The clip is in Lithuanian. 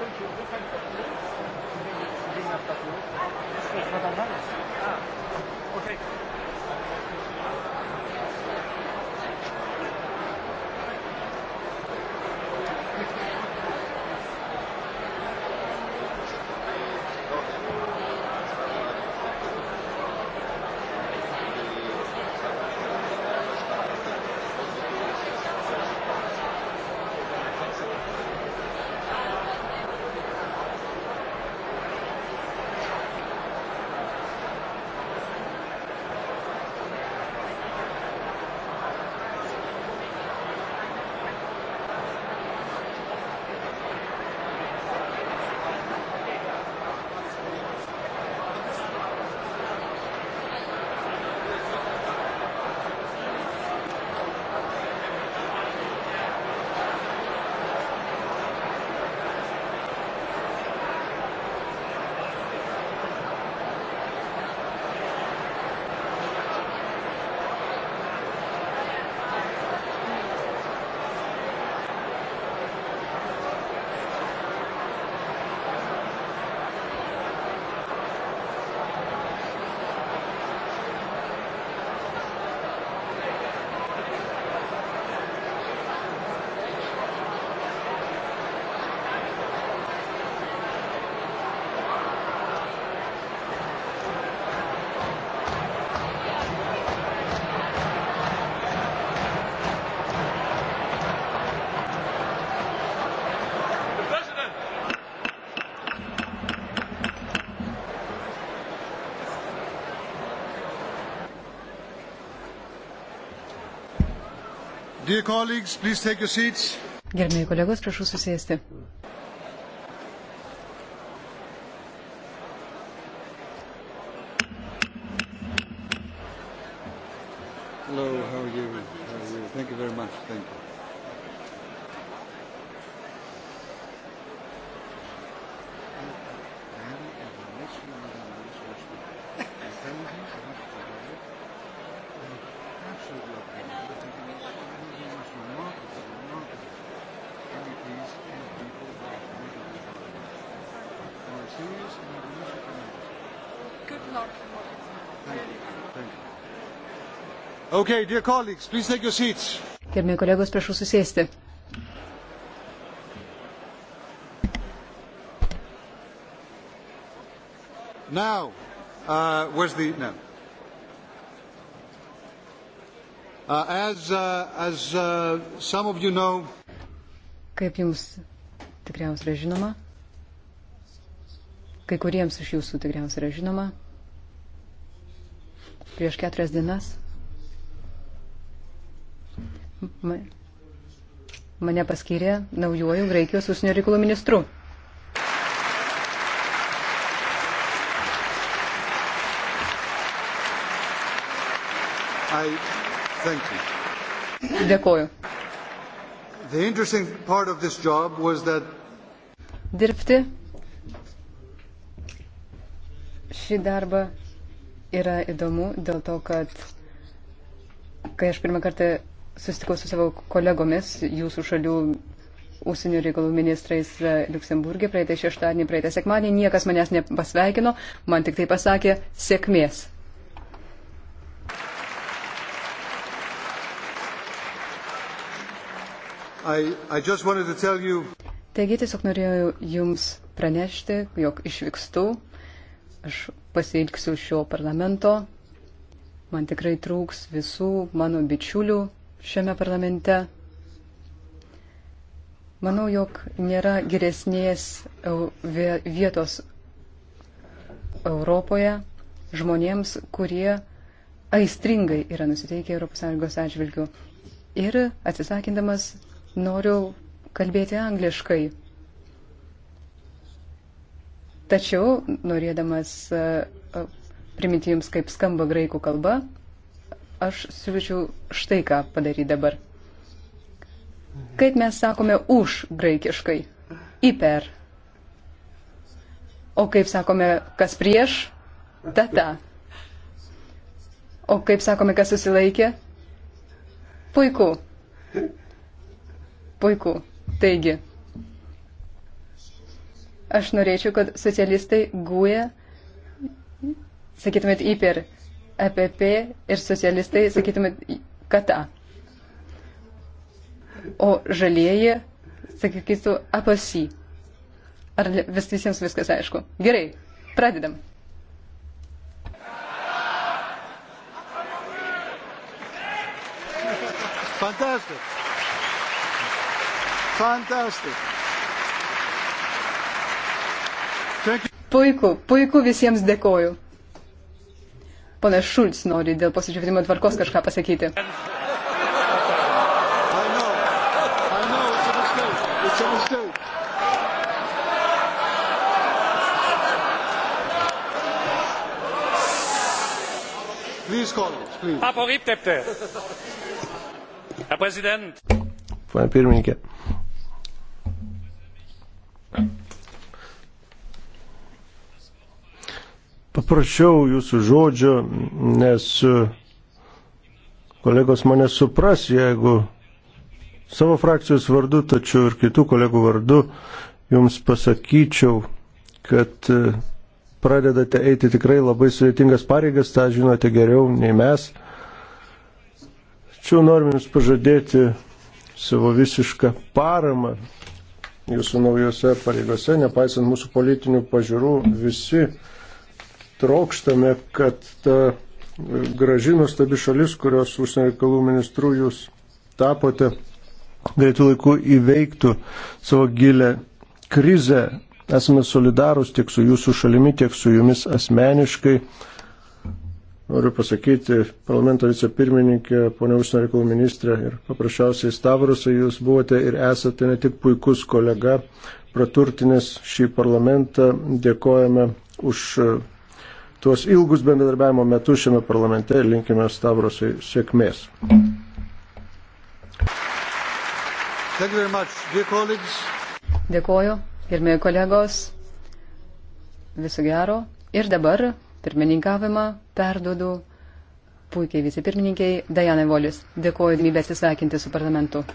Okay. Gerbėjai kolegos, prašau susėsti. Okay, dear colleagues, please take your seats. Gerbėjai kolegos, prašau susėsti. Now, uh, where's the no? Uh, as uh, as uh, some of you know, kaip jums tikriausiai yra žinoma, kai kuriems iš jūsų tikriausiai yra žinoma, prieš keturias dienas mane paskyrė naujuoju Graikijos užsienio reikalų ministru. I, Dėkoju. That... Dirbti šį darbą yra įdomu dėl to, kad kai aš pirmą kartą susitikau su savo kolegomis jūsų šalių užsienio reikalų ministrais e, Luksemburgė praeitą šeštadienį, praeitą sekmadienį, niekas manęs nepasveikino, man tik tai pasakė sėkmės. I, I you... Taigi tiesiog norėjau Jums pranešti, jog išvykstu Aš pasilgsiu šio parlamento, man tikrai trūks visų mano bičiulių šiame parlamente. Manau, jog nėra geresnės vietos Europoje žmonėms, kurie aistringai yra nusiteikę ES atžvilgių. Ir atsisakindamas noriu kalbėti angliškai. Tačiau, norėdamas e, e, priminti jums, kaip skamba graikų kalba, aš siūlyčiau štai ką padaryti dabar. Kaip mes sakome už graikiškai? Iper. O kaip sakome, kas prieš? Tata. O kaip sakome, kas susilaikė? Puiku. Puiku. Taigi, Aš norėčiau, kad socialistai guja, e, sakytumėt, įper EPP ir socialistai, sakytumėt, kata. O žalieji, sakytų, apasi. Ar vis visiems viskas aišku? Gerai, pradedam. Fantastic. Fantastic. Puiku, puiku, visiems dėkoju. Pana Šulc nori dėl pasižiūrėjimo tvarkos kažką pasakyti. Herr Präsident! Pane pirmininkė. paprašiau jūsų žodžio, nes e, kolegos mane supras, jeigu savo frakcijos vardu, tačiau ir kitų kolegų vardu jums pasakyčiau, kad e, pradedate eiti tikrai labai sudėtingas pareigas, tą žinote geriau nei mes. Čia norim Jums pažadėti savo visišką paramą Jūsų naujose pareigose, nepaisant mūsų politinių pažiūrų, visi trokštame, kad ta e, graži nuostabi šalis, kurios užsienio reikalų ministrų jūs tapote, greitų laikų įveiktų savo gilę krizę. Esame solidarūs tiek su jūsų šalimi, tiek su jumis asmeniškai. Noriu pasakyti, parlamento vicepirmininkė, ponia užsienio reikalų ministrė ir paprasčiausiai Stavrusai, jūs buvote ir esate ne tik puikus kolega, praturtinės šį parlamentą. Dėkojame už e, tuos ilgus bendradarbiavimo metus šiame parlamente ir linkime Stavrosui sėkmės. Dėkuoju, gerbėjai kolegos, viso gero. Ir dabar pirmininkavimą perdodu puikiai vicepirmininkiai Dajanai Volis. Dėkuoju, mybės įsveikinti su parlamentu.